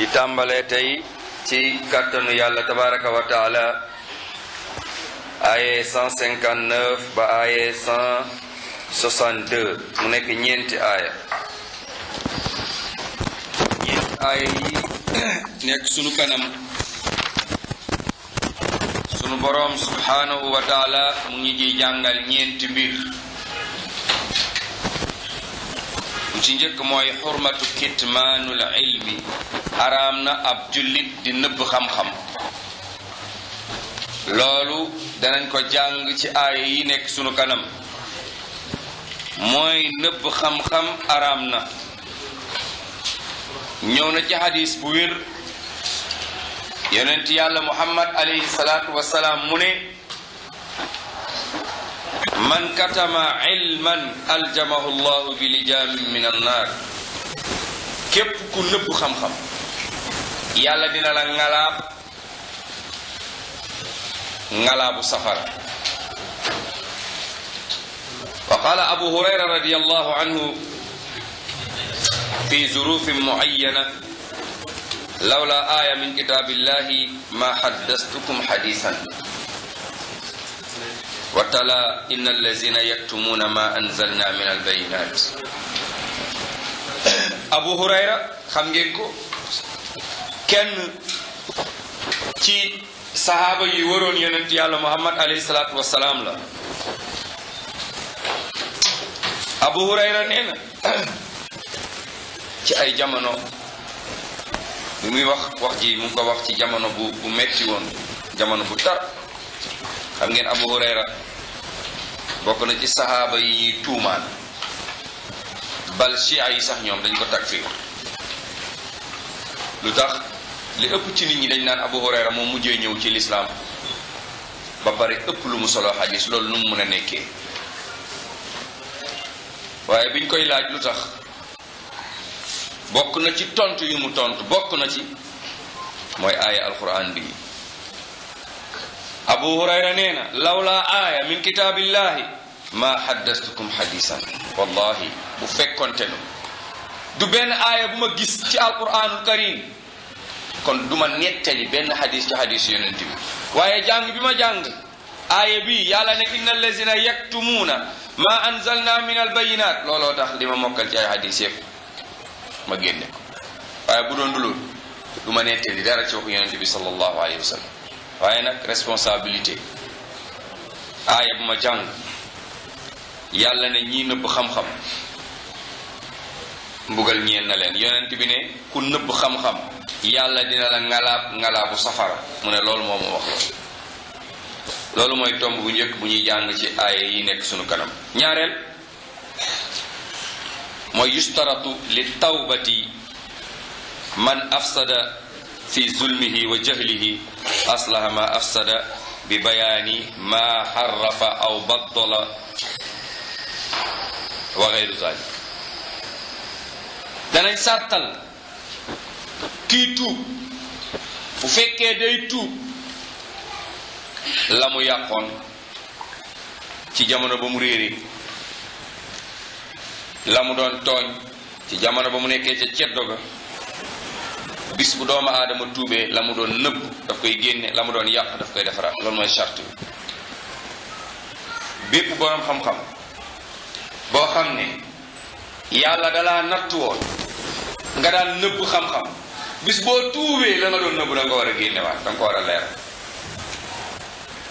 di tàmbalee tey ci kàttanu yàlla tabaraka wa taala aaye 159 ba aaye 162 mu nekk ñeenti aaya ñeenti aaya yi nekk sunu kanam sunu boroom subhanahu wa taala mu ngi jàngal ñeenti mbir bu ci njëkk mooy xurmatu kitmaanul ilmi araam na ab jullit di nëbb xam-xam loolu danañ ko jàng ci aaya yi nekk sunu kanam mooy nëbb xam-xam araam na ñëw na ci xadis bu wér yonent yàlla muhammad alayhi salaatu wasalaam mu ne man katama ilman aljamahu llahu bi lijaamin min annaar képp ku nëbb xam-xam yàlla dina la ngalaab ngalaabu safara wa qaala abu hurayra radi allahu anhu fi zurufin muayyana lawla aaya min kitaabillahi ma haddastukum hadisan watala tala inna allazina yaktumuuna ma anzalna min albayinat abu hurayra xam ngeen ko kenn ci sahaaba yi waroon yonent yàlla muhammad alayhi salaatu wasalaam la abu hurayra nee ci ay jamono bi muy wax wax ci jamono bu metti woon jamono bu tar xam ngeen abu hurayra bokk na ci saxaaba yi ñuy tuumaal bal chia yi sax ñoom dañ ko takfir lu tax li ëpp ci nit ñi dañ naan Abu Hurayra moo mujjee ñëw ci lislaam ba pare ëpp lu mu solo xadis loolu nu mu mën a nekkee waaye biñ koy laaj lu tax bokk na ci tont yu mu tont bokk na ci mooy aaya alquran bi abu hurayra nee na lawlaa aaya min kitaabillahi maa haddastukum hadisan wallahi bu fekkonte nu du benn aaya bu ma gis ci alquranul karim kon du ma nettali benn hadis ci hadis yonent bi waaye jàng bi ma jàng aaya bi yàlla ne inna allazina yaktumuuna ma anzalna min albayinat looloo tax li ma mokkal ci ay hadis yëpp ma génne waaye bu doon du loolu du ma nettali dara ci waxu yonent bi sallallahu alayhi wa waaye nag responsabilité aaya bu ma jàng yàlla na ñi nëbb xam-xam mbugal ñeen na leen yonent bi ne ku nëbb xam-xam yàlla dina la ngalaab ngalaabu safara mu ne loolu moo wax loolu loolu mooy tomb bu njëkk bu ñuy jàng ci aaya yi nekk sunu kanam ñaareel mooy yustaratu li tawbati man afsada fi zulmihi wa jahlihi aslaha ma afsada bi bayaani ma xarrafa aw baddala wa gayru zalik danañ sàrtal kii tuub bu fekkee day tuub la mu yàqoon ci jamono ba mu réeree la mu doon tooñ ci jamono ba mu nekkee ca ceddo bis bu doomu aadama tuubee la mu doon nëbb daf koy génne la mu doon yàq daf koy defaraat loolu mooy charte bi bépp boroom xam-xam boo xam ne yàlla dalaa nattu woon nga daan nëbb xam-xam bis boo tuubee la nga doon nëbb da nga war a génnewaat da ko war a leer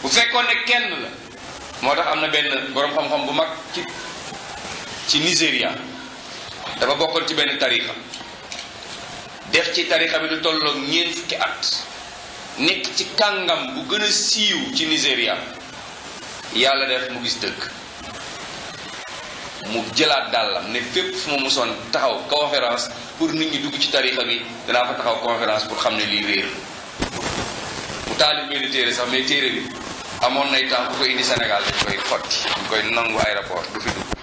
bu fekkoon ne kenn la moo tax am na benn boroom xam-xam bu mag ci ci Nigéria dafa bokkoon ci benn tarixa def ci tarixa bi lu tolloog ñeent fukki at nekk ci kàngam bu gën a siiw ci Nigéria yàlla def mu gis dëkk mu jëlaat dàllam ne fépp fu ma mosoon taxaw conférence pour nit ñi dugg ci tarixa bi danaa fa taxaw conférence pour xam ne lii réer mu taalif benn téere sax mais téere bi amoon nay temps bu ko indi Sénégal dañ koy xotti koy nangu aéroport du fi dugg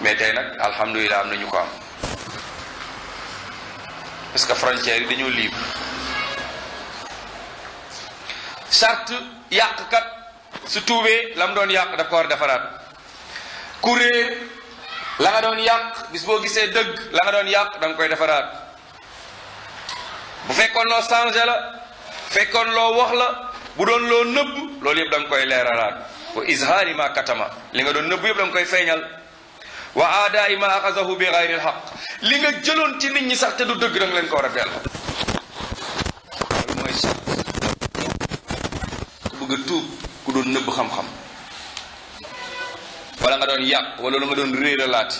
mais tey nag alhamdulilah am na ko am parce que frontières yi dañoo libre charte yàqkat su tuubee la doon yàq da ko war defaraat ku réer doon yàq bis boo gisee dëgg la nga doon yàq da nga koy defaraat bu fekkoon loo changé la fekkoon loo wax la bu doon loo nëbb loolu yëpp da nga koy leeralaat wa izhaari ma katama li nga doon nëbb yëpp da koy feeñal waa wa aadaai ma axasahu bi xayri lxaq li nga jëloon ci nit ñi sax te du dëgg danga leen ko war a delloo loolu mooy sax ku bëgg tuub ku doon nëbb xam-xam wala nga doon yàq wala nga doon réeralaati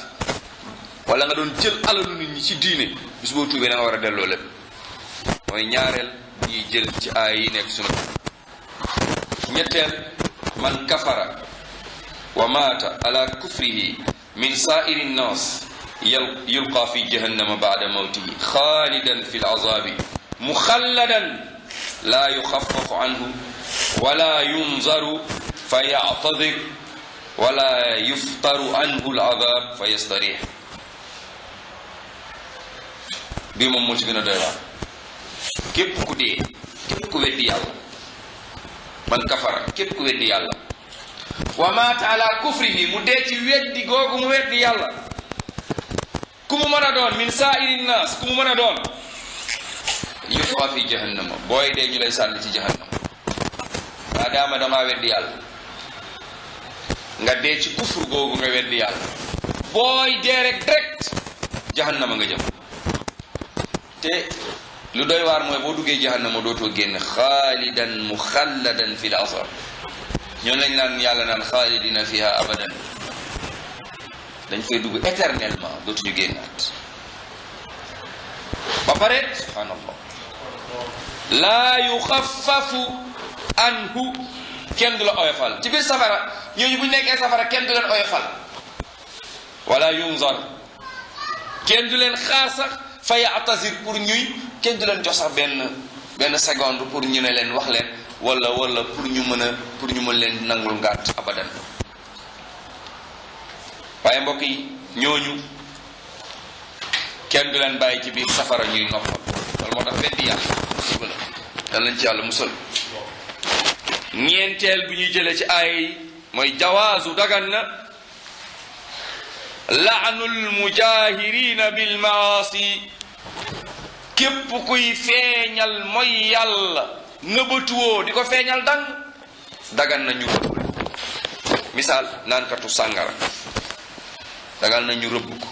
walla nga doon jël alalu nit ñi ci diine bis boo tuubee da war a delloo lépp mooy ñaareel ñuy jël ci aay yi nekk sunu ñetteel man kafara wa maata ala kufrihi min saa'iri nnaas yulqaa fi jahannama baada mawtihi xaalidan fi l-azaabi muxalladan laa yuxaffafu anhu wala yunzaru fa yactadir wala yuftaru anhu l-azaab fa yastarix bii moom moo ci gën a doy waar képp ku dee képp ku weddi yàlla man kafara képp ku weddi yàlla wa maata ala kufrihi mu dee ci weddi googu mu weddi yàlla ku mu mën a doon min saa'iri naas ku mu mën a doon yuqaa fi jahannama booy dee ñu lay sànni ci jahannama maa daama damaa weddi yàlla nga dee ci kufur googu nga weddi yàlla booy dee rek direct jahannama nga jëm te lu doy waar mooy boo duggee jahannama dootoo génn xaalidan muxalladan fil asar ñoo lañ naan yàlla naan xaalidina fiha abadan dañ fay dugg éternellement dootuñu génnaat ba pare subhaanallah laa yuxaffafu anhu kenn du la oyofal ci biir safara ñooñu bu ñu nekkee safara kenn du leen oyofal wala yunzar kenn du leen xaar sax fa yaatasir pour ñuy kenn du leen jox sax benn benn seconde pour ñu ne leen wax leen wala wala pour ñu mën a ñu mën leen nangul ngànt abadan waaye mbokk yi ñooñu kenn du leen bàyyi ci biir safara ñuy noppal loolu moo tax weddi yàlla musiba la ci yàlla musal ñeenteel bu ñuy jëlee ci aaya mooy jawaasu dagan na laanul mujahirina bil maasi képp kuy feeñal mooy yàlla nëbbatuwoo di ko feeñal dang daggal nañu ñu rëbb misaal naankatu sàngara dagal na ñu rëbb ko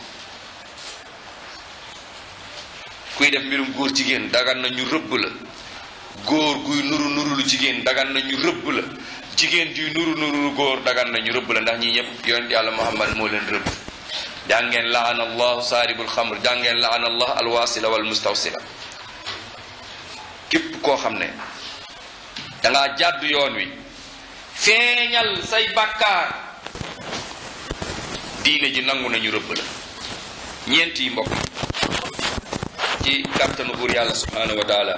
kuy def mbirum góor jigéen dagan nañu ñu rëbb la jigéen dagan na ñu rëbb jigéen juy nuru nuru lu góor dagan na ñu rëbb la ndax ñi ñëpp yonent yàlla muhammad moo leen rëbb jàngeen laana allahu saaribul xamr jàngeen laana allah alwasila wal mustawsila képp koo xam ne dangaa jàdd yoon wi feeñal say bàkkaar diine ji nangu nañu rëbb la ñeent yi mbokk ci kàttanu buur yàlla subhaanahu wa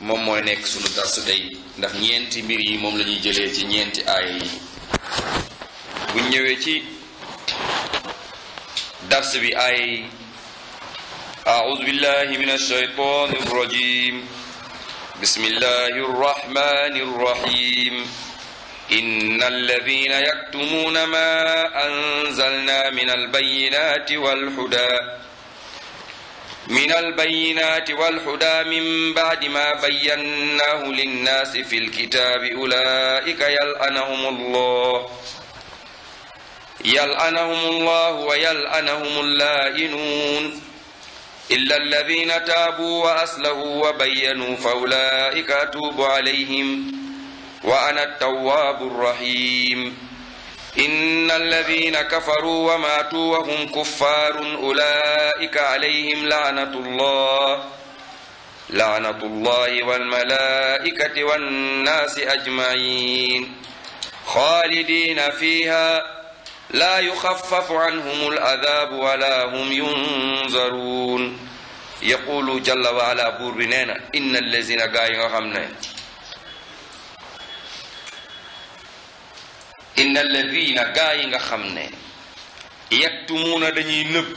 moom mooy nekk sunu dars tey ndax ñeenti mbir yi moom la ñuy jëlee ci ñeenti aaya yi ñëwee ci dars bi aaya yi aoudu billahi min alshaytan irrajim بسم الله الرحمن الرحيم إن الذين يكتمون ما أنزلنا من البينات والهدى من البينات والهدى من بعد ما بيناه للناس في الكتاب أولئك يلأنهم الله يلأنهم الله ويلأنهم اللائنون إلا الذين تابوا وأصلحوا وبينوا فأولئك أتوب عليهم وأنا التواب الرحيم إن الذين كفروا وماتوا وهم كفار أولئك عليهم لعنة الله لعنة الله والملائكة والناس أجمعين خالدين فيها laa yuxafafu anhum aladaab wala hum yunzaruun yaquulu jalla wa ala buur bi nee na inna allazina gaa yi nga xam ne inna allazina gaa yi nga xam ne yaktumuuna dañuy nëbb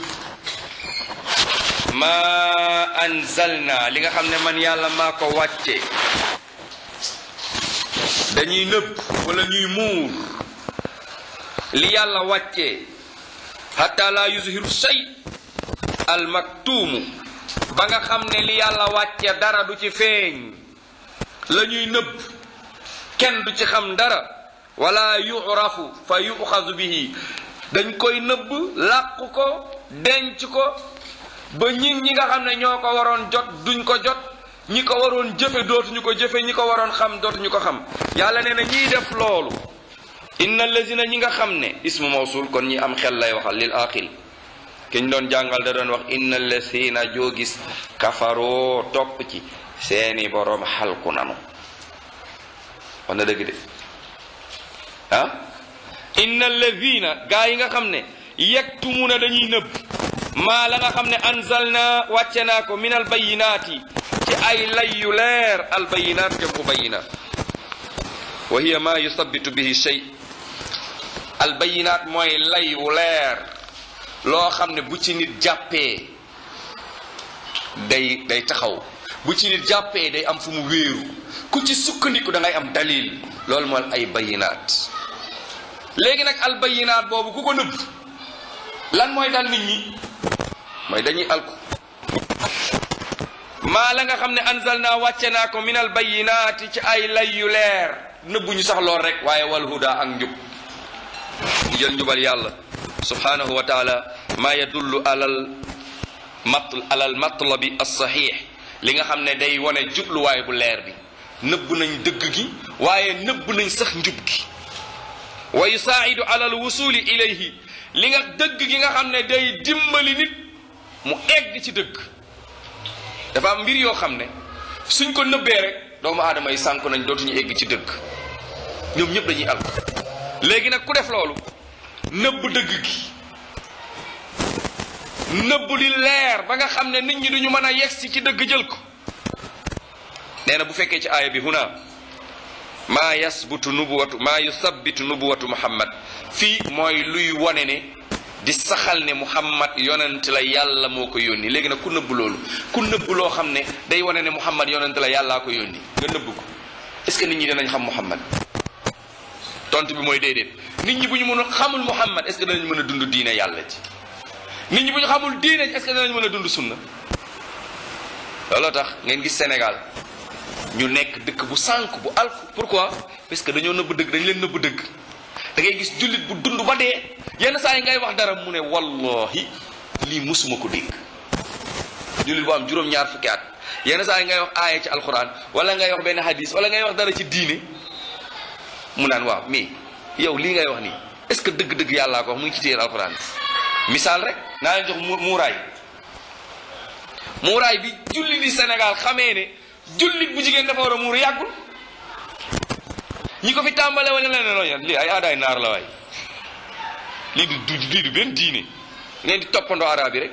maa anzalna li nga xam ne man yàlla maa ko wàcce dañuy nëbb wala ñuy muur li yàlla wàccee hatta la yuzhiru shay al ba nga xam ne li yàlla wàccee dara du ci feeñ lañuy ñuy nëbb kenn du ci xam dara wala yurafu fa bi bihi dañ koy nëbb làqu ko denc ko ba ñi ñi nga xam ne ñoo ko waroon jot duñ ko jot ñi ko waroon jëfe dootuñu ko jëfe ñi ko waroon xam dootuñu ko xam yàlla nee na ñiy def loolu inna allazina ñi nga xam ne ismu mawsul kon ñi am xel lay waxal lil aqil kiñ doon jàngal da doon wax inna allazina joo gis kafaroo topp ci seeni boroom xalku nanu wax na dëgg de ah inna allazina gaa yi nga xam ne yaktumuna dañuy nëbb maa la nga xam ne anzalna wàcce naa ko min albayinaati ci ay lay leer albayinaat jëm ko bayinaat wa hiya ma yusabitu bihi shay al bayinaat mooy lay wu leer loo xam ne bu ci nit jàppee day day taxaw bu ci nit jàppee day am fu mu wéeru ku ci sukkandiku da am dalil loolu mooy ay bayinaat léegi nag al bayinaat boobu ku ko nëbb lan mooy dal nit ñi mooy dañuy alku maa la nga xam ne anzal naa wàcce naa ko minal bayinaati ci ay lay yu leer nëbbuñu sax lool rek waaye wal huda ak njub jël njubal yàlla subhanahu wa taala maa alal mat alal matlabi alsaxiix li nga xam ne day wane jubluwaay bu leer bi nëbb nañ dëgg gi waaye nëbb nañ sax njub gi wa yusaaidu alal wusuli ilayhi li nga dëgg gi nga xam ne day dimbali nit mu egg ci dëgg dafa am mbir yoo xam ne suñ ko nëbbee rek doomu aadama yi sànku nañ dootuñu egg ci dëgg ñoom ñëpp dañuy alko léegi nag ku def loolu nëbb dëgg gi nëbb li leer ba nga xam ne nit ñi duñu mën a yegsi ci dëgg jël ko nee na bu fekkee ci aaya bi huna maa yasbutu nubuwatu maa yusabbitu nubuwatu muhammad fii mooy luy wone ne di saxal ne muhammad yonent la yàlla moo ko yónni léegi nag ku nëbb loolu ku nëbb loo xam ne day wone ne muhammad yonent la yàllaa ko yónni nga nëbb ko est-ce que nit ñi dinañ xam muhammad tontu bi mooy déedéet nit ñi bu ñu mënul xamul Muhammad est-ce que danañ mën a dund diine yàlla ji nit ñi bu ñu xamul diine est-ce que danañ mën a dund sunna looloo tax ngeen gis Sénégal ñu nekk dëkk bu sànq bu alku quoi parce que dañoo nëbb dëgg dañ leen nëbb dëgg dangay ngay gis jullit bu dund ba dee yenn saa yi ngay wax dara mu ne wallahi lii musuma ko dégg jullit bu am juróom-ñaar fukki at yenn saa yi ngay wax aaya ci alxuraan wala ngay wax benn hadis wala ngay wax dara ci diine mu naan waaw mais yow lii ngay wax nii est-ce que dëgg-dëgg yàllaa ko wax mu ngi ci téere alxuraan misaal rek naa leen jox muraay muuraay bi julli di Sénégal xamee ne jullit bu jigéen dafa war a muur yàggul ñi ko fi tàmbale wala leneen loo lii ay aadaay naar la waay lii du lii benn diine ngeen di toppandoo araab rek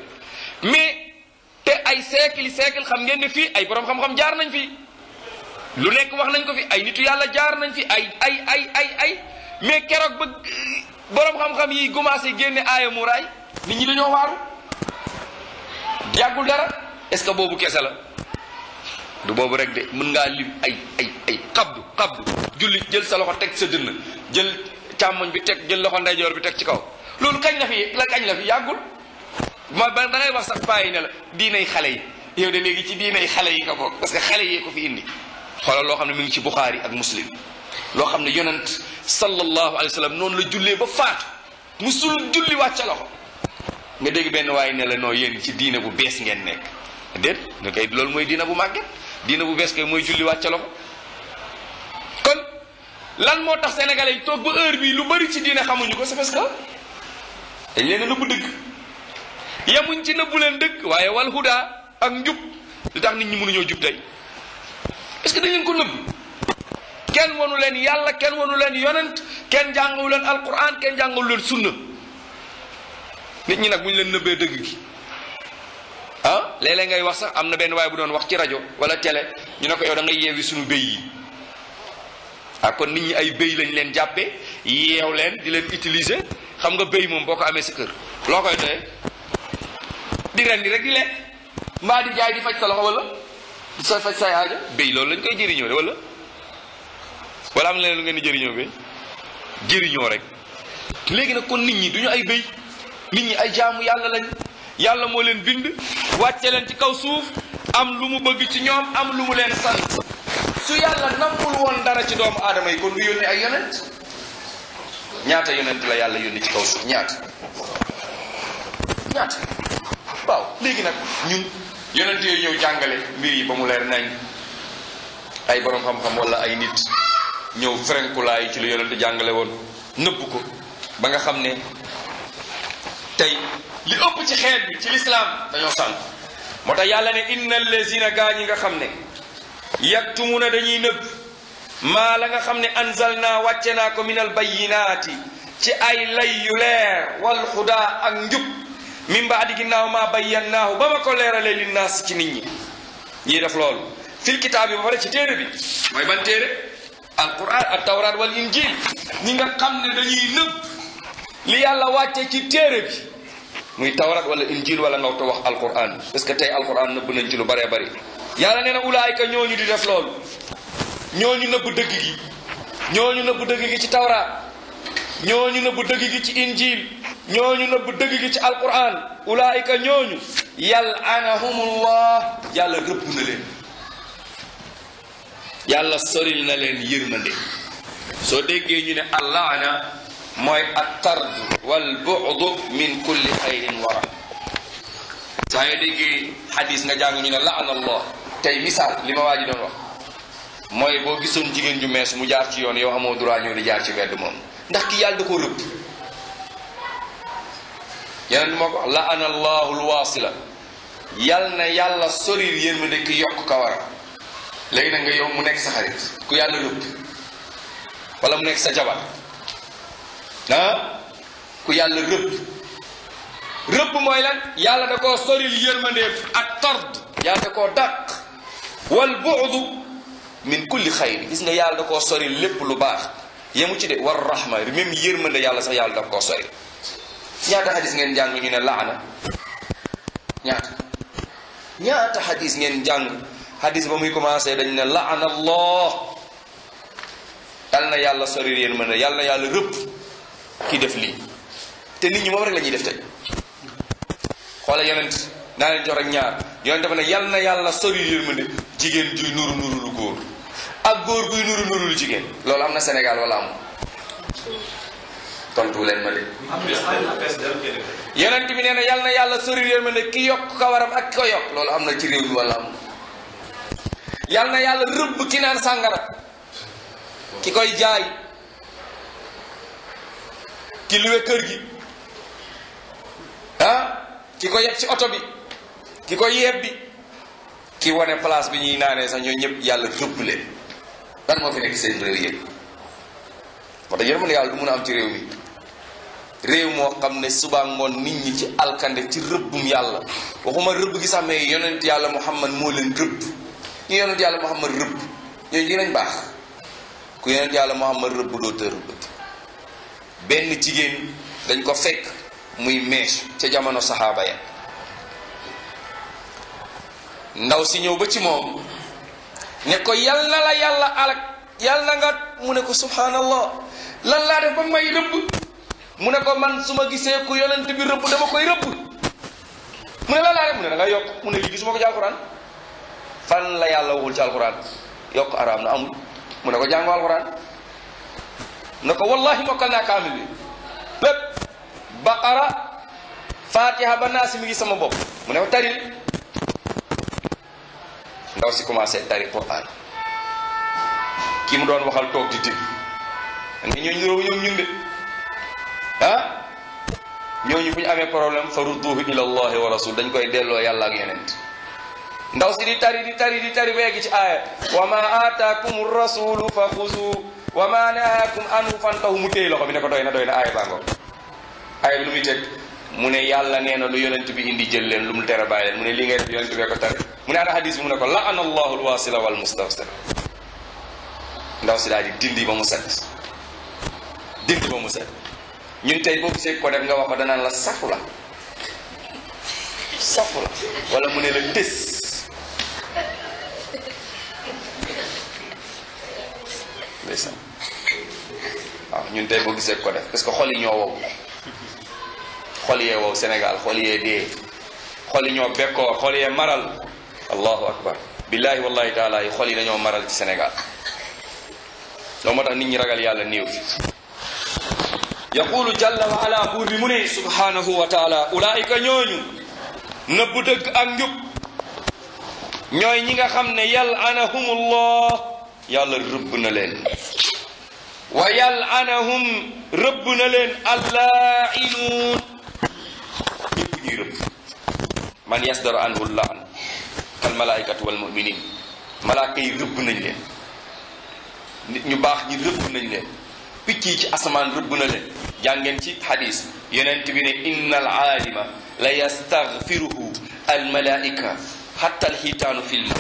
mais te ay siècle siècle xam ngeen fii ay borom xam-xam jaar nañ fii lu nekk wax nañ ko fi ay nitu yàlla jaar nañ fi ay ay ay ay ay mais keroog ba borom xam-xam yi commencé génne aaya muraay nit ñi dañoo waaru yàggul dara est-ce que boobu kese la du boobu rek de mën ngaa lim ay ay ay xabdu xabdu julli jël sa loxo teg sa dënn jël càmmoñ bi teg jël loxo ndeyjoor bi teg ci kaw loolu kañ la fi la kañ la fi yàggul ma ba da ngay wax sax bàyyi ne la diinay xale yi yow de léegi ci diinay xale yi nga bokk parce que xale yee ko fi indi xoolal loo xam ne mu ngi ci Buxaari ak muslim loo xam ne yonant sallallahu alayhi wa noonu la jullee ba faatu musul julli wàcca loxo nga dégg benn waaye ne la noo yéen ci diina bu bees ngeen nekk déet nga koy loolu mooy diina bu màgget diina bu bees kay mooy julli wàcca loxo kon lan moo tax sénégalais yi toog ba heure bii lu bari ci diina xamuñu ko c'est ko dañ leen a nëbbu dëgg yamuñ ci nëbbu leen dëkk waaye wal huda ak njub li tax nit ñi mënuñoo jub parce que da ngeen ko nëbb kenn wanu leen yàlla kenn wanu leen yonent kenn jàngawu leen alquran kenn jàngawu leen sunna nit ñi nag bu ñu leen nëbbee dëgg gi ah léeg ngay wax sax am na benn waay bu doon wax ci rajo wala télé ñu ne ko yow da ngay yeewi suñu béy yi ah kon nit ñi ay béy lañ leen jàppe yeew leen di leen utiliser xam nga béy moom boo ko amee sa kër loo koy doyee di rendi rek di lekk mbaa di jaay di faj sa loxo wala sa faj say aajo béy loolu lañ koy jëriñoo de wala wala am na lu ngeen di jëriñoo béy jëriñoo rek léegi nag kon nit ñi duñu ay béy nit ñi ay jaamu yàlla lañ yàlla moo leen bind wàcce leen ci kaw suuf am lu mu bëgg ci ñoom am lu mu leen sant su yàlla nampul woon dara ci doomu aadama yi kon du yónni ay yonent ñaata yonent la yàlla yónni ci kaw suuf ñaata waaw léegi nag ñun yonent yooyu ñëw jàngale mbir yi ba mu leer nañ ay borom xam-xam wala ay nit ñëw ferenkulaayu ci lu yonent jàngale woon nëbb ko ba nga xam ne tey li ëpp ci xeet bi ci lislaam dañoo sànq moo tax yàlla ne inna allazina gaa ñi nga xam ne yaktumuna dañuy nëbb maa la nga xam ne anzal naa wàcce naa ko minal bayinaati ci ay lay yu leer wal ak njub min baadi ginnaaw maa bayyannaahu ba ma ko leeralee linnaas ci nit ñi ñiy def loolu fil kitaab yi ba pare ci téere bi mooy ban téere alquran ak tawraat wal injil ñi nga xam ne dañuy nëb li yàlla wàcce ci téere bi muy tawraat wala injil wala ngaw te wax alquran parce que tey alquran nëbb nañ ci lu bëree bëri yàlla nee na ulaayka ñooñu di def loolu ñooñu nëbb dëgg gi ñooñu nëbb dëgg gi ci tawraat ñooñu nëbb dëgg gi ci injil ñooñu nëbb dëgg gi ci alquran ulaayika ñooñu yal'anahumullah yàlla rëbb na leen yàlla soril na leen yërmande soo déggee ñu ne allaana mooy attard wal bu'd min kulli xayrin wara saa yoo déggee xadis nga jàng ñu ne laana allah tey misaal li ma waa ji doon wax mooy boo gisoon jigéen ñu mees mu jaar ci yoon yow amoo droit ñëw di jaar ci wedd moom ndax ki yàlla da ko rëbb yeneen moo ko wax la ana allahu lwaasila yal na yàlla soril yërmande ki yokk ka war léegi nag nga yow mu nekk sa xarit ku yàlla yóbbu wala mu nekk sa jabar ah? ku yàlla rëbb yàlla da koo soril yërmandeem ak tord yàlla da koo dàq wal buudu min kulli xayri gis nga yàlla da koo soril lépp lu baax yemu ci de war rahma même yërmande yàlla sax yàlla da koo soril ñaata xadis ngeen jàng ñu ne laana xadis ngeen jàng xadis ba muy commencé dañ ne laana allah yal na yàlla sori yéen mën a yal yàlla rëpp ki def lii te nit ñi moom rek la ñuy def tey xoolal yonent naa leen jox rek ñaar yonent dafa ne na yàlla sori yéen mën a jigéen juy nuru nuru lu góor ak góor guy nuru nuru lu jigéen loolu am na Sénégal wala amul tontu leen ma de. yonent bi nee na yàlla sori leen ma ne ki yokk kawaram ak ki ko yokk loolu am na ci réew mi wala am na yàlla rëbb ki naan sàngara ki koy jaay ki luwe kër gi ah ki ko yeb ci oto bi ki ko yeeb bi ki wane place bi ñuy naanee sax ñoo ñëpp yàlla rëbb leen ban moo fi nekk seen réew yëpp wax dëgg yàlla yàlla du mun a am ci réew mi. réew moo xam ne subaa ngoon nit ñi ci alkande ci rëbbum yàlla waxuma rëbb gi sax mais yonent yàlla muhammad moo leen rëbb ñu yonent yàlla muhammad rëbb ñooñu ku yonent yàlla muhammad rëbb doo tërëbbati benn jigéen dañ ko fekk muy mees ca jamono saxaaba ya ndaw si ñëw ba ci moom ne ko yal na la yàlla alak yal na nga mu ne ko subhanallah lan laa def ba may rëbb mu ne ko man su ma gisee ku yonent bi rëbb dama koy rëbb mu ne la laa rek mu ne da yokk mu ne lii gisuma ko ci alxuraan fan la yàlla waxul ci alxuraan yokk araam na amul mu ne ko jàngu alxuraan ne ko wallahi mokkal naa kaamil bi bépp baqara fatiha ba naa si mi ngi sama bopp mu ne ko taril ndaw si commencé tari Quraan ki mu doon waxal toog di dégg nga ñooñu ñoom ñun de ah ñooñu fu ñu amee problème fa rudduhu ila allahi wa rasul dañ koy delloo yàlla ak yonent ndaw si di tari di tari di tari ba yegg ci aaya wa ma aataakum rasulu fa xusu wa ma nahaakum anhu fantahu mu téy loxo bi ne ko doy na doy na aaya bàngoo aaya bi muy teg mu ne yàlla nee na lu yonent bi indi jël leen lu mu tere bàyyi leen mu ne li ngay def yonent bee ko tere mu ne ana hadis bi mu ne ko laana allahu alwasila wal mustawsila ndaw si daal di mu set mu ñun tey boobu see ko def nga wax ko danaan la safu la safu la walla mu ne la tës ndeysaan waaw ñun tey boo gisee ko def parce que xol yi ñoo wow xol yee wow Sénégal xol yee dee xol yi ñoo bekkoor xol yee maral allahu akbar billaahi wallahi taala yi xol yi dañoo maral ci Sénégal loolu moo tax nit ñi ragal yàlla néew yaqulu jalla wa ala buur bi mu ne subhanahu wa taala ulaayika ñooñu nëbbu dëgg ak njub ñooy ñi nga xam ne yal anahumullah yàlla rëbb na leen wa yal anahum rëbb na leen allaa'inuun ñëpp ñuy rëbb man yasdar anhu llaan kal malaikatu wal muminin malaaka yi rëbb nañ leen nit ñu baax ñi rëbb nañ leen picc yi ci asamaan rëbb na leen jàngeen ci xadis yonent bi ne inna al aalima la yastaghfiruhu al malaika hatta al xitaanu fil ma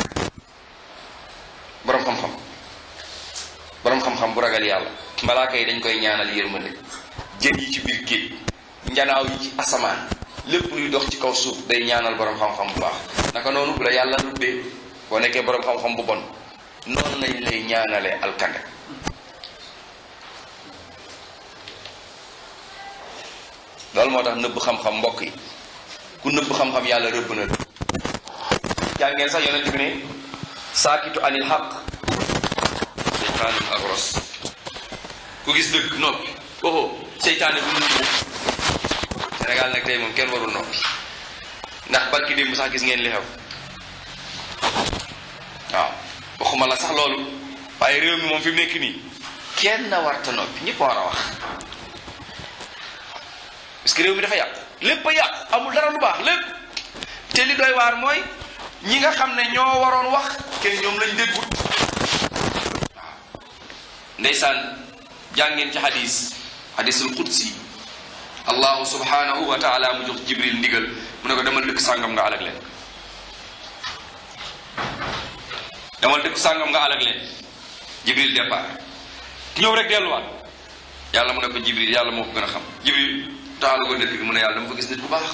boroom xam-xam bu ragal yàlla malaaka yi dañ koy ñaanal yërmande jën yi ci biir géej njanaaw yi ci asamaan lépp luy dox ci kaw suuf day ñaanal boroom xam-xam bu baax naka noonu la yàlla rubbee boo nekkee boroom xam-xam bu bon noonu lañ lay ñaanalee alkande loolu moo tax nëbb xam-xam mbokk yi ku nëbb xam-xam yàlla rëbb na jàng ngeen sax yonent bi ne saakitu anil xaq seytaanul agros ku gis dëgg noppi Sénégal nag tey moom kenn warul noppi ndax barki démb sax gis ngeen li xew waaw waxuma la sax loolu waaye réew mi moom fi mu nii kenn warta noppi ñëpp war a wax parce que réew mi dafa yàqu lépp a amul dara lu baax lépp te li doy waar mooy ñi nga xam ne ñoo waroon wax kenn ñoom lañ déggut waaw ndeysaan jàngeen ci xadis xadisul qudsi allahu subhanahu wa taala mu jox jibril ndigal mu ne ko demal dëkk sàngam nga alag leen demal dëkk sàngam nga alag leen jibril départ ñëw rek delluwaat yàlla mu ne ko jibril yàlla moo ko gën a xam jibril taalu ko dëkk bi mu ne yàlla dama fa gis nit ku baax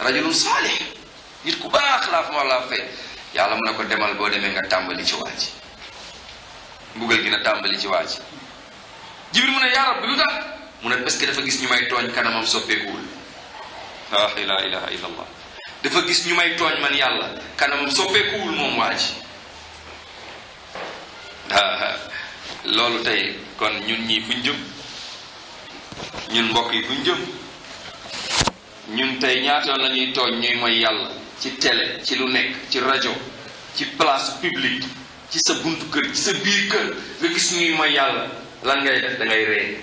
rajulun saalih nit ku baax laa fa ma laa fay yàlla mun na ko demal boo demee nga tàmbali ci waa ji mbugal gi na tàmbali ci waa ji jibril mu ne yaa lu tax mu ne parce dafa gis ñu may tooñ kanamam soppeekuwul la ilaha illa allah dafa gis ñu may tooñ man yàlla kanamam soppeekuwul moom waa ji loolu tey kon ñun ñii fuñ jëm ñun mbokk yi buñ jëm ñun tey ñaata yoon la ñuy tooñ ñuy mooy yàlla ci télé ci lu nekk ci rajo ci place publique ci sa buntu kër ci sa biir kër nga gis ñuy mooy yàlla lan ngay def da ngay ree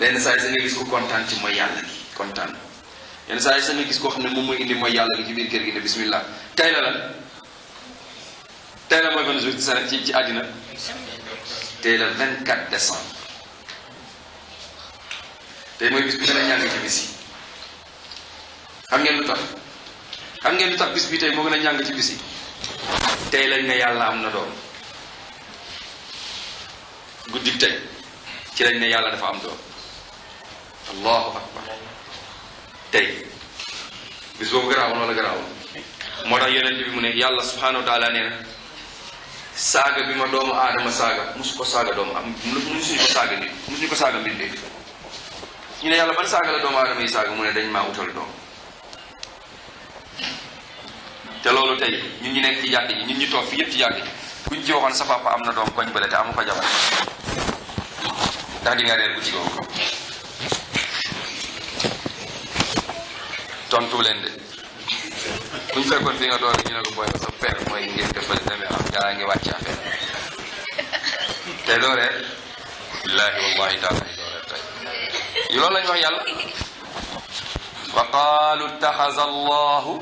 lenn saa yi sa nga gis ko kontaan ci mooy yàlla gi kontaan yenn saa yi sa nga gis koo xam ne moom mooy indi mooy yàlla gi ci biir kër gi ne bismillah tey la la tey la ci ci àddina tey la 24 décembre tey mooy bis bi gën a ngeen lu tax xam ngeen lu tax bis bi tey moo gën a ñàng ci bis yi tey lañ ne yàlla am na doom guddi tey ci lañ ne yàlla dafa am doom allahu akbar tey bis boobu garaawoon wala garaawoon moo tax yonent bi mu ne yàlla subhanahu wa taala nee saaga bi ma doomu aadama saaga musu ko saaga doomu am musuñu ko saaga nit musuñu ko saaga mbindeef ñu ne yàlla ban saaga la doomu aadama yi saaga mu ne dañ maa utal doom te loolu tey ñun ñu nekk ci jàkk ji ñun ñu toog fi yëpp ci sa papa am na doom koñ bële te amu fa jabar ndax nga reer leen de buñ fekkoon nga doon ñu ne ko booy sa père mooy ngi wàcc affaire te doo reer billaahi wallaahi taala loolu lañu wax yàlla wa qaalu ittaxaza allahu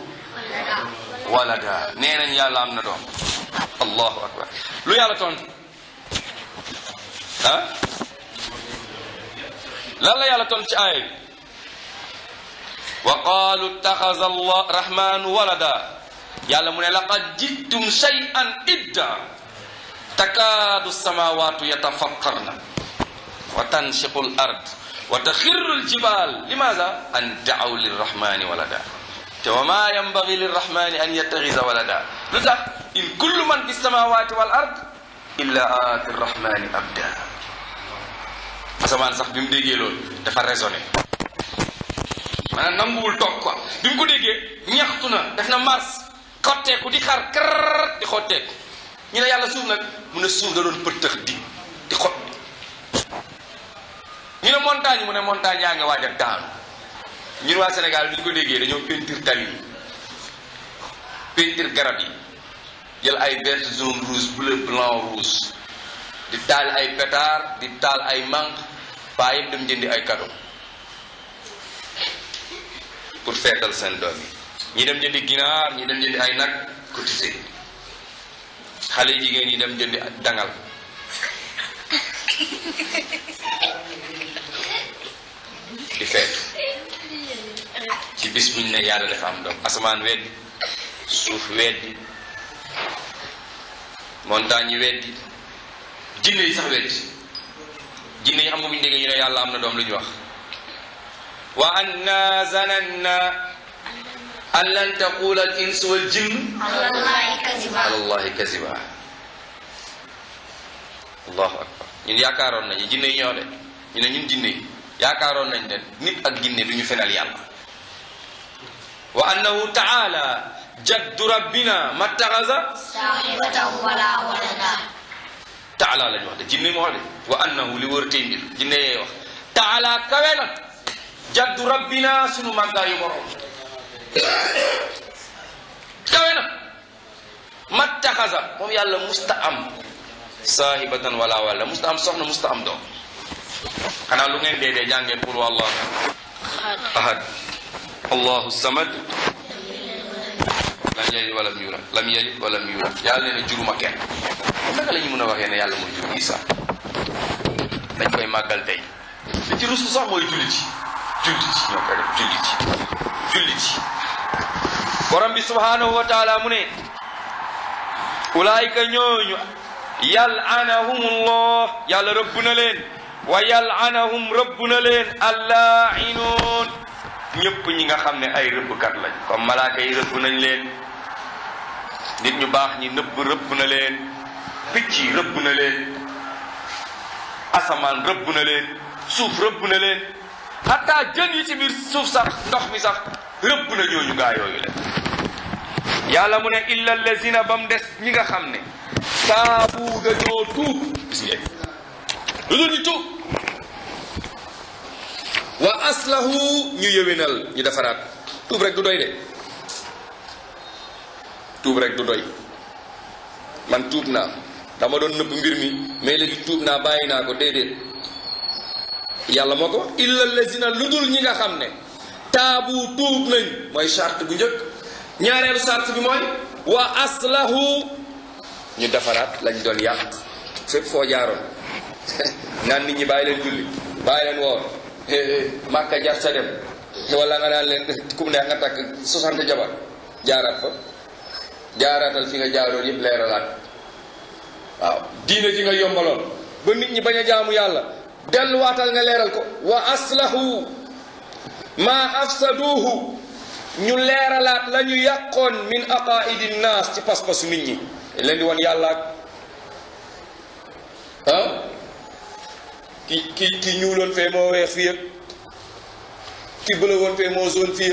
walada nee nañ yàlla am na doom allahu akbar lu yàlla tontu ah lan la yàlla tontu ci aaya bi wa qaalu ittaxaza allah rahmanu walada yàlla mu ne laqad jittum shay'an idda takaadu samawatu yatafaqqarna wa tanshiqu al ard wa taxirru ljibaal limaada an daaw lirrahmani walada te wa maa yambagi lirrahmani an yattaxisa walada lu tax in kullu man fi samawati wal ard illa aati rrahmani abda asamaan sax bi mu déggee loolu dafa raisonné maanaam nanguwul toog quoi bi mu ko déggee ñaxtu na def na mars xotteeku di xar kar di xotteeku ñu ne yàlla suuf mu ne suuf da doon pëttëx ne montagne mu ne montagne yaa nga waaj a daanu ñun waa Sénégal bi ñu ko déggee dañoo peinture tali peinture garab yi jël ay vert jaune rouge blanc rouge di taal ay pétard di taal ay manque paa yëpp dem jëndi ay cadeau pour feetal seen doom yi ñi dem jëndi ginaar ñi dem jëndi ay nag cotisé xale jigéen ñi dem jëndi dangal di feetu ci bis buñ ne yàlla dafa am doom asamaan weddi suuf weddi montagne yi weddi jinne yi sax weddi jinne yi xam nga buñu déggee ñu ne yàlla am na doom lu ñu wax wa anna zananna an lan taqula al insu wal jinn alallahi ñun yaakaaroon nañu jinne yi ñoo de ñu ne ñun jinne yi yaakaaroon nañ ne nit ak ginne du ñu fenal yàlla wa annahu taala jaddu rabbina mattaxasa sahibatan wala walada taala lañu wax de jinne moo wax de wa annahu li wër tey jinne taala kawe na rabbina sunu màggaayu borom kawe na moom yàlla musta am sahibatan wala walada musta am soxna musta am doom xanaa lu ngeen dee dee jàng ngeen qul wallahu ahad allahu samad lam yalid walam yulad lam yalid walam yulad yàlla nee na juruma kenn naka la ñu mën a waxee ne yàlla mooy jur isa dañ koy màggal tey li ci rusu sax mooy julli ci julli ci ñoo koy def julli ci julli ci borom bi subhanahu wa taala mu ne ulaayika ñooñu yal anahumullah yàlla rëbb na leen wa yal'anahum rëbb na leen allaa'inoon ñëpp ñi nga xam ne ay rëbbkat lañ comme malaaka yi rëbb nañ leen nit ñu baax ñi nëbb rëbb na leen picc yi na leen asamaan rëbb na leen suuf rëbb na leen xataa jën yi ci biir suuf sax ndox mi sax rëbb na ñooñu gaa yooyu leen mu ne illa allazina ba mu des ñi nga xam ne saabu dañoo tuub wa aslahu ñu yëwénal ñu defaraat tuub rek du doy de tuub rek du doy man tuub naa dama doon nëbb mbir mi mais léegi tuub naa bàyyi naa ko déedéet yàlla moo ko wax illa lazina lu dul ñi nga xam ne taabu tuub nañ mooy charte bu njëkk ñaareelu charte bi mooy wa aslahu ñu defaraat lañ doon yàq fépp foo jaaroon naan nit ñi bàyyi leen julli bàyyi leen woor Eh, eh, màkka jar sa dem wala nga naan leen kum neex nga takk 60 jabar jaaraat fa jaaraatal fi nga jaaroon yëpp leeralaat waaw diine ji nga yombaloon ba nit ñi bañ a jaamu yàlla delluwaatal nga leeral ko wa aslahu maa afsaduuhu ñu leeralaat la yàqoon min aqaaidi naas ci pas-pasu nit ñi leen di wan yàlla ah? ki ki ki ñuuloon fee moo weex fii yëpp ki bëlawoon fee moo zone fii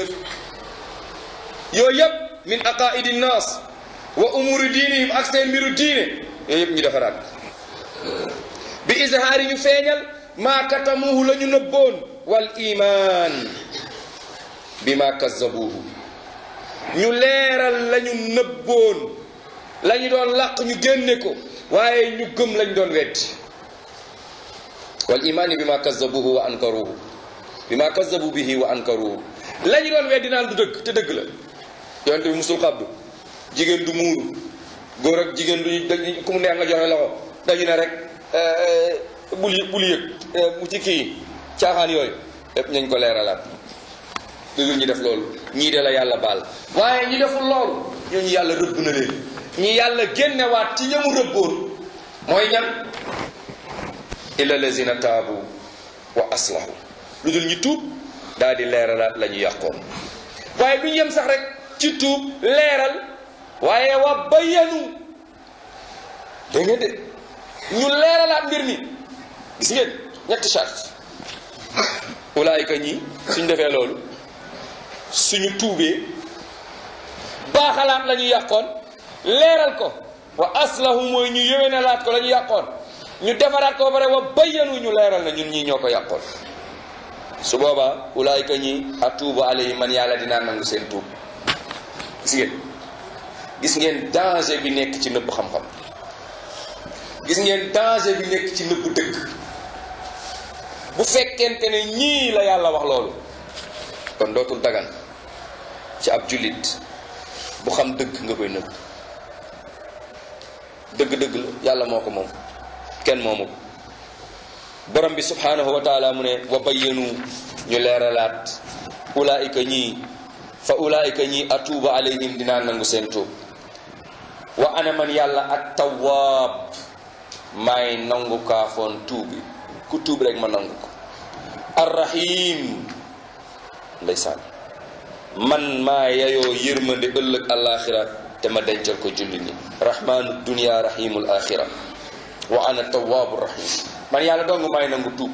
yooyu yëpp min aqaidi naas wa umuri diinihim ak seen mbiru diine yooyu yëpp ñu defaraat bi izhaari ñu feeñal maa katamuhu la nëbboon wal iman bi maa kazzabuhu ñu leeral la ñu nëbboon la ñu doon làq ñu génne ko waaye ñu gëm lañ doon weddi wal imaani bi ma kazzabuhu wa ankaruhu bi ma kazzabu bihi wa ankaruhu lañu doon weddi naan du dëgg te dëgg la yonent bi musul jigéen du muuru góor ak jigéen du dañu ku mu neex nga joxe loxo dañu ne rek eh, eh, bul bul yëg eh, mu ci kii caaxaan yooyu nañ ko leeralaat lu dul ñu def loolu ñii de la yàlla baal waaye ñi deful loolu ñooñu yàlla rëbb na leen ñi yàlla génnewaat ci ñamu rëbboon mooy ñan illa lazina taabu wa aslahu lu dul ñu tuub daal di leeralaat la ñu yàqoon waaye duñ yem sax rek ci tuub leeral waaye wa bayanu dégg de ñu leeralaat mbir mi gis ngeen ñetti charte ulaayika ñi suñ defee loolu suñu tuubee baaxalaat la yàqoon leeral ko wa aslahu mooy ñu yéwénalaat ko la yàqoon ñu defaraat ko bare wa bayyanu ñu leeral na ñun ñii ñoo ko yàqoon su boobaa ulaayka ñi atuubu yi man yàlla dinaa nangu seen tuub gis ngeen gis ngeen danger bi nekk ci nëbb xam gis ngeen danger bi nekk dëgg bu fekkente ne ñii la yàlla wax loolu kon dootul dagan ci ab bu xam dëgg nga koy nëbb dëgg-dëgg la yàlla moo ko moom kenn moomu ko bi subhanahu wa taala mu ne wa bayyanu ñu leeralaat ulaayika ñii fa ulaayika ñii atuuba alayhim dinaa nangu seen tuub wa ana yàlla ak tawaab maay nangu kaafoon tuubi ku tuub rek ma nangu ko arrahim ndeysaan man maa yayoo yërmande ëllëg alaxira te ma dencal ko julli ni rahmaanu dunia rahimul axira wa ana tawaabu rahim man yàlla dong may nangu tuub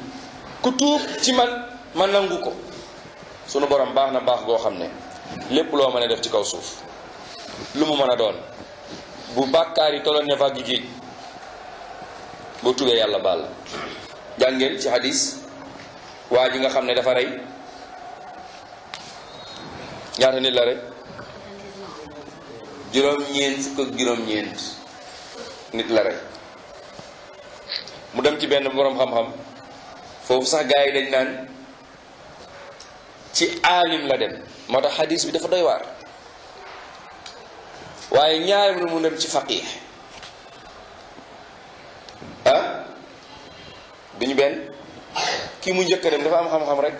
ku tuub ci man ma nangu ko sunu borom baax na baax goo xam ne lépp loo mën a def ci kaw suuf lu mu mën a doon bu bàkkaar yi tolloon ne fàggi géej boo tubee yàlla baal la jàngeen ci hadis waa ji nga xam ne dafa rey ñaata nit la rey juróom-ñeent fukk juróom-ñeent nit la rey mu dem ci benn boroom xam-xam foofu sax gars yi dañ naan ci aalim la dem moo tax xadis bi dafa doy waar waaye ñaari mu dem ci faqih ah ñu benn ki mu njëkk a dem dafa am xam-xam rek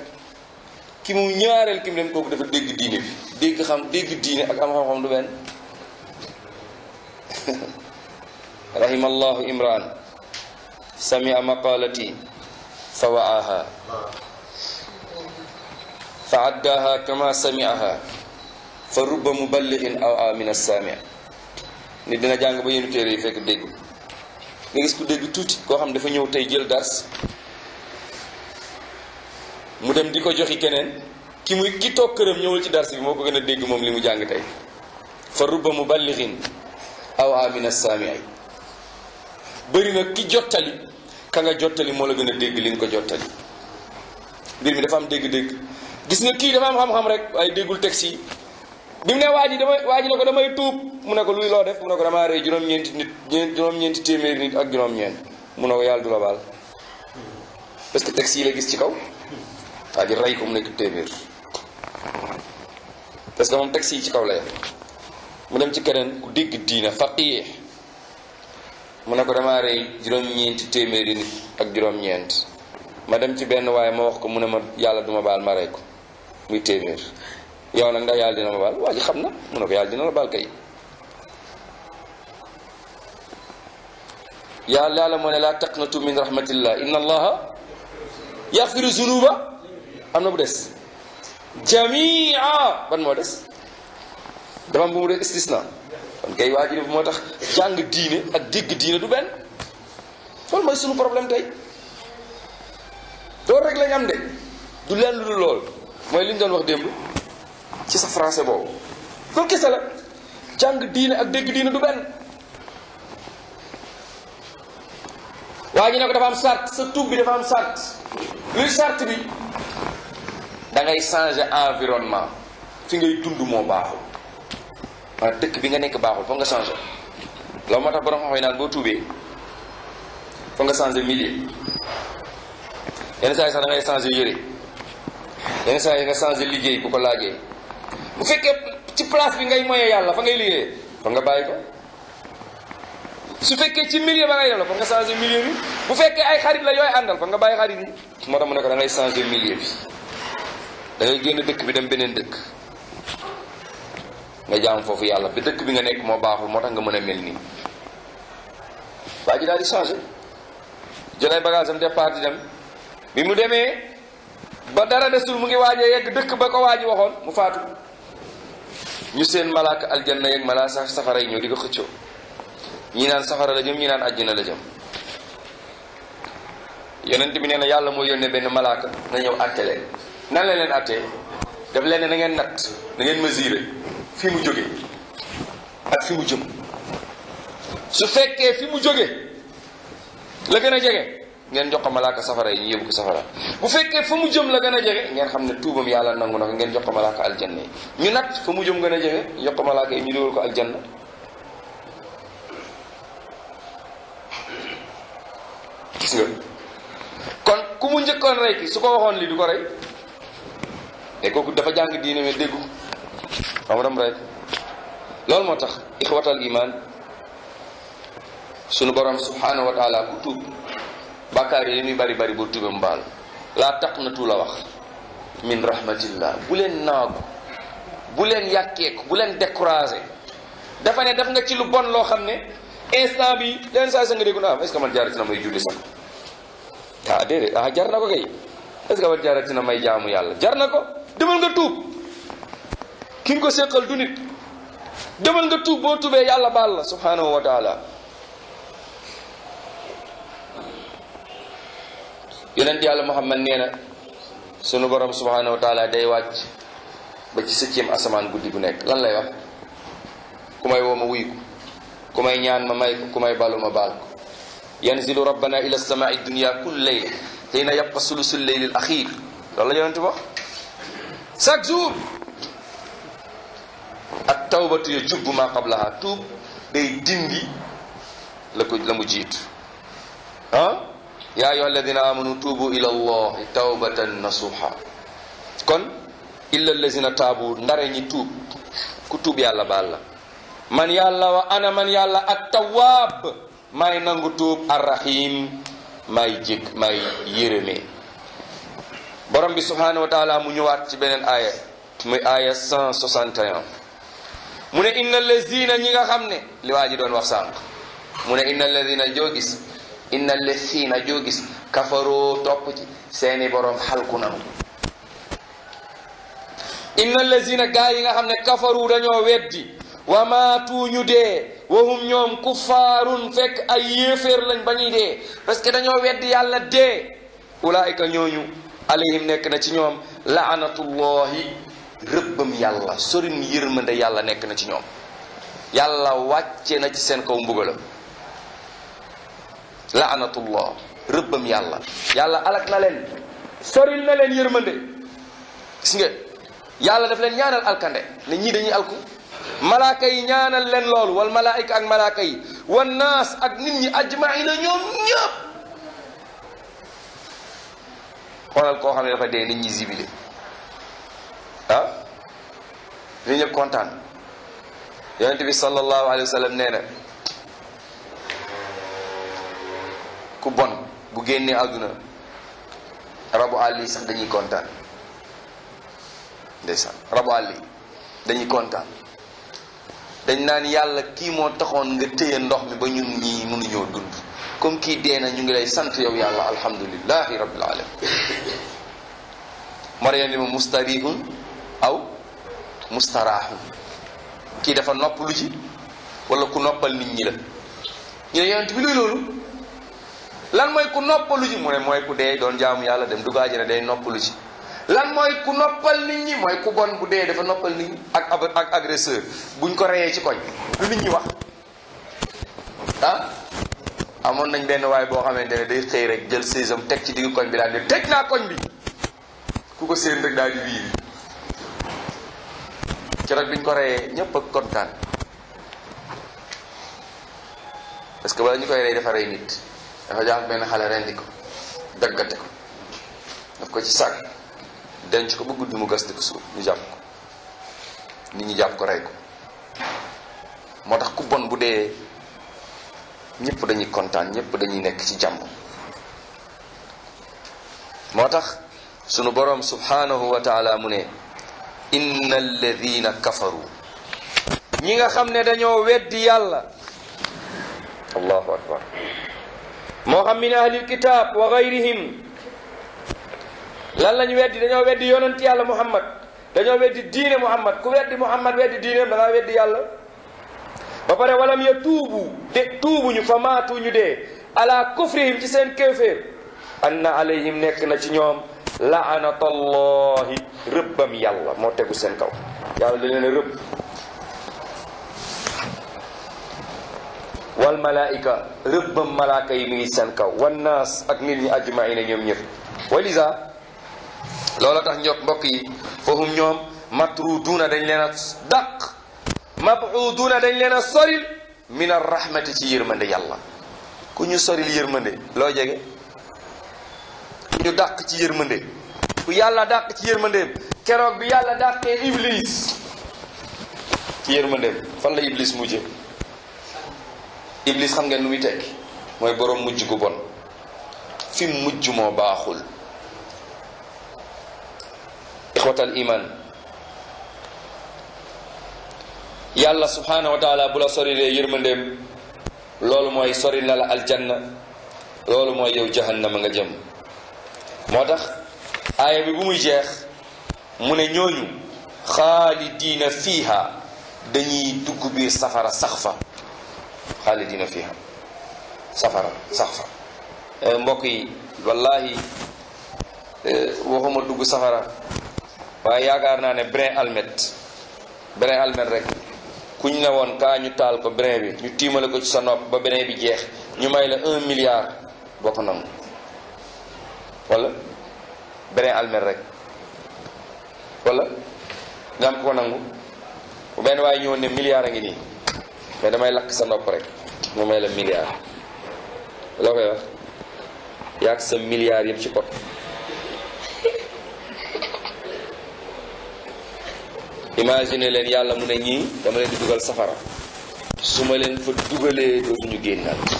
ki mu ñaareel ki mu dem kooku dafa dégg diine bi dégg xam dégg diine ak am xam-xam du benn rahimallahu imran سمع مقالتي فوعاها فعداها كما سمعها فرب مبلغ أو من السامع ni dina jàng ba yéenu téere yi fekk déggu nga gis ku dégg tuuti koo xam dafa ñëw tey jël daas mu dem di ko joxi keneen ki muy ki toog këram ñëwal ci dars bi moo ko gën a dégg moom li mu jàng tey fa rubba muballighin aw amina saami'i bëri na ki jottali ka nga jottali moo la gën a dégg li nga ko jottali mbir mi dafa am dégg-dégg gis nga kii dafa am xam-xam rek waaye déggul teg si bi mu ne waa ji damay waa ji ne ko damay tuub mu ne ko luy loo def mu ne ko damaa rey juróom-ñeenti nit juróom-ñeenti téeméeri nit ak juróom-ñeent mu ko yàlla du parce que teg si la gis ci kaw waa ji rey ko mu nekk téeméer parce que moom teg si ci kaw la yem mu dem ci keneen ku dégg diina faqih mu ne ko damaa rey juróom-ñeenti téeméeri ak juróom-ñeent ma dem ci benn waaye ma wax ko mu ne ma yàlla duma baal ma rey ko muy téeméer yow nag ndax yàlla dina ma baal waa xam na mu ne ko yàlla dina la baal kay yàlla moo ne laa taqnatu min rahmatillah inna allaha yaxfiru zunuba am na bu des jamia ban moo des dafa am bu mu des istisna kon kay waa ji moo tax jàng diine ak dégg diine du benn loolu mooy suñu problème tey loolu rek lañ am de lu dul lool mooy li doon wax démb ci sa français boobu loolu kese la jàng diine ak dégg diine du benn waa ji ne ko dafa am sart sa tuub bi dafa am sart luy sart bi dangay ngay changer environnement fi ngay dund moo baaxul waaye dëkk bi nga nekk baaxul foog nga changé loolu moo tax borom xam yi naan boo tuubee foog nga changé milieu yenn saa yi sax da ngay changé yére saa yi nga changé liggéey bu ko laajee bu fekkee ci place bi ngay moyee yàlla fa ngay liggéeyee foog nga bàyyi ko su fekkee ci milieu ba ngay def la foog nga changé milieu bi bu fekkee ay xarit la yooy àndal foog nga bàyyi xarit yi moo tax mu ne ko da ngay changé milieu bi da ngay génn dëkk bi dem beneen dëkk nga jaam foofu yàlla bi dëkk bi nga nekk moo baaxul moo tax nga mën a mel nii waa ji daal di changé jël ay bagage am dem bi mu demee ba dara desul mu ngi waaje yegg dëkk ba ko waaji waxoon mu faatu ñu seen malaaka aljanna yeeg malaa safara yi ñëw di ko xëccoo ñi naan safara la jëm ñi naan àjjana la jëm yonent bi nee na yàlla moo yónnee benn malaaka na ñëw àtte leen nan la leen àttee daf leen ne na ngeen natt na ngeen mesurer fi mu jóge ak fi mu jëm su fekkee fi mu jóge la gën a jege ngeen jox ko malaaka safara yi ñu yóbbu ko safara bu fekkee fa mu jëm la gën a jege ngeen xam ne tuubam yàlla nangu na ko ngeen jox ko malaaka yi ñu nag fa mu jëm nga a jege jox ko malaaka yi ñu dugal ko aljanna gis nga kon ku mu njëkkoon rey ki su ko waxoon lii du ko rey te kooku dafa jàng diine mais déggu am rek loolu moo tax ixwatal iman sunu borom subhanahu wa taala ku tuub bàkkaar yi muy bari bari boo tuubee mu baal laa taqnatu la wax min rahmatillah bu leen naagu bu leen yàkkeeku bu leen découragé dafa ne def nga ci lu bon loo xam ne instant bi leen saa sa nga déggu na am ah, est ce que na may julli sax ah déedéet ah jar na ko kay est may jaamu yàlla jar na ko demal nga tuub ki nga ko séqal du nit demal nga tuub boo tuubee yàlla baal la subhanahu wa taala yonent yàlla Muhammad nee na sunu borom subhanahu wa taala day wàcc ba ci septième asamaan guddi gu nekk lan lay wax ku may woo ma wuyu ku may ñaan ma may ko ku may balu ma baal ko yanzilu rabbana ila samaai dunia kulle layl xiina yabqa sulusul leyli al axir loolu la yonent wax chaque jour ak tawbatu ya jubbu maa qablaha tuub day dindi la ko la mu jiitu ah yaa ayyuha alladina amanu tuubu ila allahi tawbatan nasuha kon illa allazina taabu ndare ñi tuub ku tuub yàlla baal la man yàlla wa ana man yàlla at tawaab maay nangu tuub arrahim maay jëkk maay yërëmee borom bi subhanahu wa taala mu ñëwaat ci beneen aaya muy aaya 161 mu ne inna lazina ñi nga xam ne li waa ji doon wax sànq mu ne inna lazina joo gis inna lazina joo gis kafaroo topp ci seeni borom xalku nanu inna lazina gaa yi nga xam ne kafaru dañoo weddi wa maatu ñu dee wahum ñoom kuffaarun fekk ay yéeféer lañ ba ñuy parce que dañoo weddi yàlla dee ulaayika ñooñu alayhim nekk na ci ñoom laanatullahi rëbbam yàlla sorin yërmande yàlla nekk na ci ñoom yàlla wàcce na ci seen kaw mbugalam laanatullah rëbbam yàlla yàlla alak na leen soril na leen yërmande gis nga yàlla daf leen ñaanal alkande ne ñii dañuy alku malaaka yi ñaanal leen loolu wal malaayika ak malaaka yi wan naas ak nit ñi ajmaina ñoom ñëpp xoolal koo xam ne dafa dee nit ñi zibilé ah ñu kontaan yonent bi sallallahu alayhi wa nee na bu génnee àdduna rabu àll yi sax dañuy kontaan ndeysaan rabu àll yi dañuy kontaan dañ naan yàlla kii moo taxoon nga téye ndox mi ba ñun ñii mënuñoo dund comme kii dee na ñu ngi lay sant yow yàlla alhamdulillahi rabbil alamin mariam ma mustarihun aw mustaraaxum kii dafa nopp lu ci wala ku noppal nit ñi la ñu ne yonent bi luy loolu lan mooy ku lu ji mu ne mooy ku dee doon jaamu yàlla dem dugg àjjana day noppalu ji lan mooy ku noppal nit ñi mooy ku bon bu dee dafa noppal nit ñi ak ak agresseur buñ ko reyee ci koñ lu nit ñi wax ah amoon nañ benn waaye boo xamante ne day xëy rek jël saisam teg ci diggu koñ bi daal di teg naa koñ bi ku ko séen rek daal di wiiri bi biñ ko reyee ñëpp ak kontaan parce que bala ñu koy rey dafa rey nit dafa jaaxal benn xale rendi ko daggate ko daf ko ci sàkk denc ko bu guddi mu gas di ko suuf ñu jàpp ko nit ñu jàpp ko rey ko moo tax ku bon bu dee ñëpp dañuy kontaan ñëpp dañuy nekk ci jàmm moo tax sunu boroom subhanahu wa taala mu ne inna alladina kafaru ñi nga xam ne dañoo weddi yàlla allahu akbar moo xam min ahlil kitab wa gayrihim lan lañ weddi dañoo weddi yonent yàlla muhammad dañoo weddi diine muhammad ku weddi muhammad weddi diineem da ngaa weddi yàlla ba pare walam ya tuubu de tuubuñu fa maatuñu dee ala kufrihim ci seen kéeféer anna alayhim nekk na ci ñoom laanatallahi rëbbam yàlla moo tegu seen kaw yàlla da leen rëbb wal malaayika rëbbam malaaka yi mi seen kaw wan naas ak nit ñi ajmaina ñoom ñëpp walisa loola tax njot mbokk yi fahum ñoom matruduuna dañ leen a dàq mabuduuna dañ leen a soril min arrahmati ci yërmande yàlla ku ñu soril yërmande loo jege ñu dàq ci yërmande bu yàlla dàq ci yërmandeem keroog bi yàlla dàqee iblis ci yërmandeem fan la iblis mujje iblis xam ngeen nu muy tekki mooy boroom mujj gu bon fi mujj moo baaxul ixwatal iman yàlla subhanahu wa taala bu la sorilee yërmandeem loolu mooy sori na la aljanna loolu mooy yow jahannama nga jëm moo tax aaya bi bu muy jeex mu ne ñooñu xaalidiina fiiha dañuy dugg biir safara sax fa xaalidiina fiiha safara sax fa eh, mbokk yi wallahi eh, waxuma dugg safara waaye yaakaar naa ne brin almet brin almet rek ku ñu ne woon kaa ñu taal ko brin bi ñu tiimale ko ci sa nopp ba brin bi jeex ñu may la un milliard boo nangu wala beneen almer rek walla nga am nangu benn waaye ñëwoon ne milliard a ngi nii mais damay lakk sa nopp rek mu may la milliard loo koy wax yaag sa milliard yëpp ci pot imagine leen yàlla mu ne ñii dama leen di dugal safara su ma leen fa dugalee dootuñu génnaat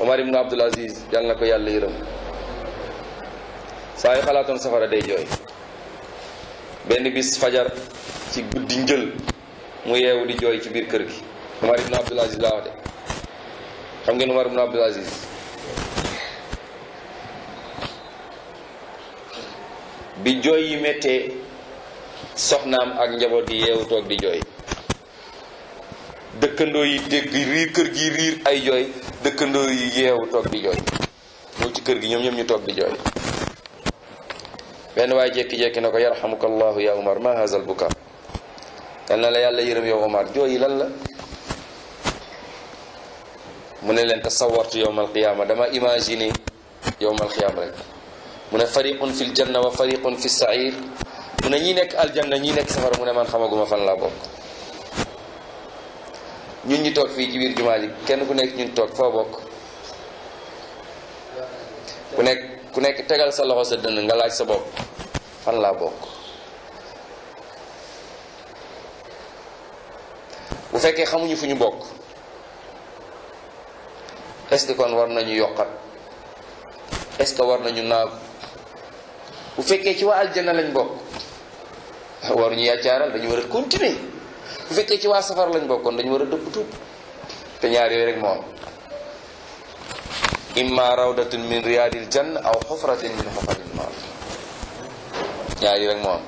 Omar ibn Abdul Aziz yàlla na ko yàlla yërëm saa yu xalaatoon safara day jooy benn bis fajar ci guddi njël mu yeewu di jooy ci biir kër gi Omar ibn Abdul Aziz laa wax de xam ngeen Omar ibn Abdul Aziz bi jooy yi méttee soxnaam ak njaboot yi yeewu toog di jooy dëkkandoo yi dégg riir kër gi riir ay jooy dëkkandoo yu yeewu toog di jooy ñëw ci kër gi ñoom ñoom ñu toog bi jooy benn waaye jekki-jekki na ko yarhamuka allahu ya umar ma hazal buka yal na la yàlla yërëm yow umar jooy yi lan la mu ne leen tasawartu yowma alqiyaama dama imaginer yowma alqiyaama rek mu ne fariqun fi ljanna wa fariqun fi sair mu ne ñi nekk aljanna ñi nekk safara mu ne man xamaguma fan laa bokk ñun ñi toog fii ci biir jumaa yi kenn ku nekk ñun toog foo bokk ku nekk ku nekk tegal sa loxo sa dënn nga laaj sa bopp fan laa bokk bu fekkee xamuñu fu ñu bokk est-ce que kon war nañu yokkat est-ce que war nañu naagu bu fekkee ci waa aljanna lañ bokk waruñu yàccaaral dañu war a continuer bu fekkee ci waa safara lañ bokkoon dañu war a dëpp tuub te ñaar yooyu rek moo imma rawdatun min riyaadil janna aw xufratin min xufaril naar ñaar yi rek moo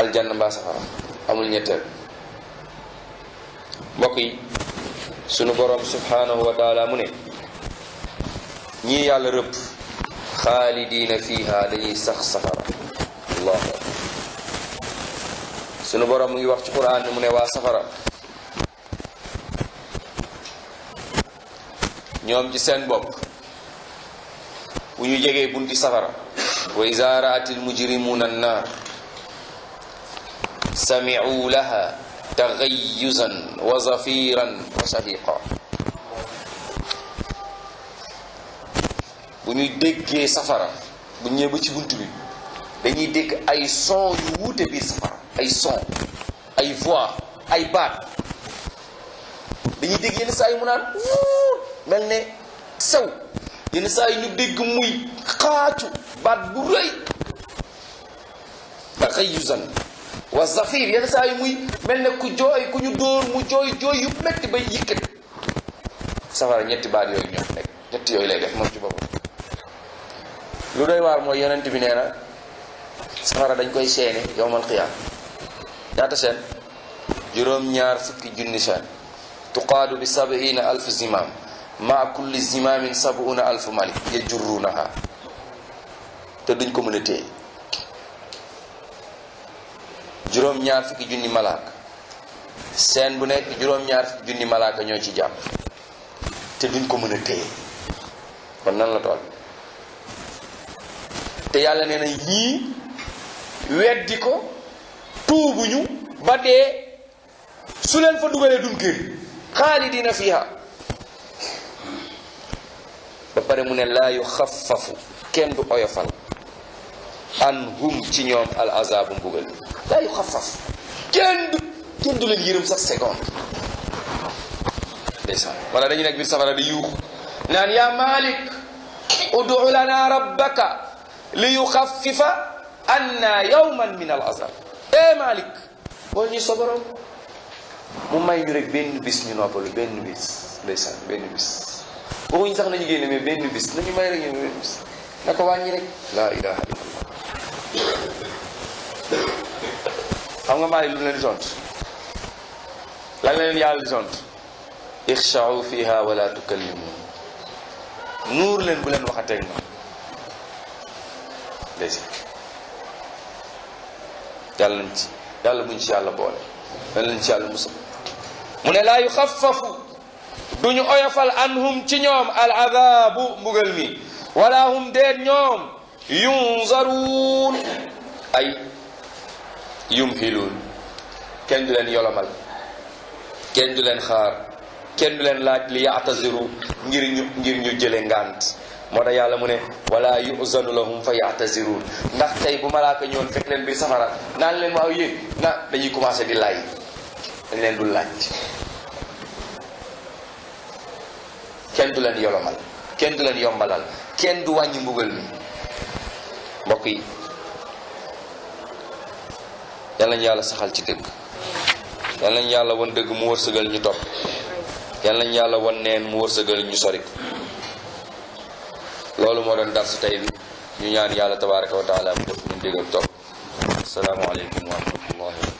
am mbaa safara amul ñetteel mbokk yi sunu borom subhanahu wa taala mu ne ñii yàlla rëbb xaalidiina fiiha dañuy sax safara sunu borom mu ngi wax ci quran bi mu ne waa safara ñoom ci seen bopp bu ñu jegee bunti safara wa iza raatil mujrimuna annaar sami'u laha taxayyuzan wa zafiran wa shahiqa bu ñuy déggee safara bu ñëwee ba ci bunt bi dañuy dégg ay son yu biir safara ay son ay voix ay baat dañuy dégg yenn saa yi mu naan mel ne sew yenn saa yi ñu dégg muy xaacu baat bu rëy taxayusan wa zafir yenn saa yi muy mel ne ku jooy ku ñu dóor mu jooy jooy yu metti bay yëkkat safara ñetti baat yooyu ñoo nekk ñetti yooyu lay def moom ci boppam lu doy waar mooy yonent bi nee na safara dañ koy seene yowmal qiyaama ñaata seen juróom-ñaar fukki junni seen tuqaadu bi sabiina alf zimaam maa kulli zimaamin sabuuna alf malik yajurruunaha te duñ ko mën a téye juróom-ñaar fukki junni malaaka seen bu nekk juróom-ñaar fukki junni malaaka ñoo ci jàpp te duñ ko mën a téye kon nan la tool te yàlla nee na weddi ko tuubuñu ba dee su leen fa dugalee dun kër xaalidina fiha ba pare mu ne laa yu xafafu kenn du oyofal an hum ci ñoom al azabu mbugal mi laa yu xafaf kenn du kenn leen yërëm sax seconde ndeysaan dañu nekk biir safara di yuuxu naan yaa malik ud'u lana rabbaka li yuxafifa anna yawman min al azab ee Malick moo ñuy soborom mu may ñu rek benn bis ñu noppalu benn bis ndeysaan benn bis waxuñu sax nañu génne mais benn bis nañu may rek benn bis na ko wàññi rek laa ilaha illallah xam nga Malick lu leen di la leen yàlla di tontu ixshaw fiha wala tukallimun nuur leen bu leen waxateeg ma yàlla nañ ci yàlla buñ ci yàlla boole ci yàlla musal mu ne laa yuxaffafu duñu oyofal anhum ci ñoom al adabu mbugal mi wala hum deet ñoom yunzaruun ay yumhiluun kenn du leen yolomal kenn du leen xaar kenn du leen laaj li yaatasiru ngir ñu ngir ñu jële ngànt moo tax yàlla mu ne wala yuzanu lahum fa ya'taziruun ndax tey bu malaaka ñëwoon fekk leen bi safara naan leen waaw yéen na dañuy commencé di laaj dañ leen du laaj kenn du leen yolomal kenn du leen yombalal kenn du wàññi mbugal mi mbokk yi yal nañu yàlla saxal ci dëgg yal nañu yàlla wan dëgg mu wërsëgal ñu topp yal nañu yàlla wan neen mu wërsëgal ñu sori loolu moo doon dars tey ñu ñaan yàlla tabaraka wa taala mu def ñu dégg ak topp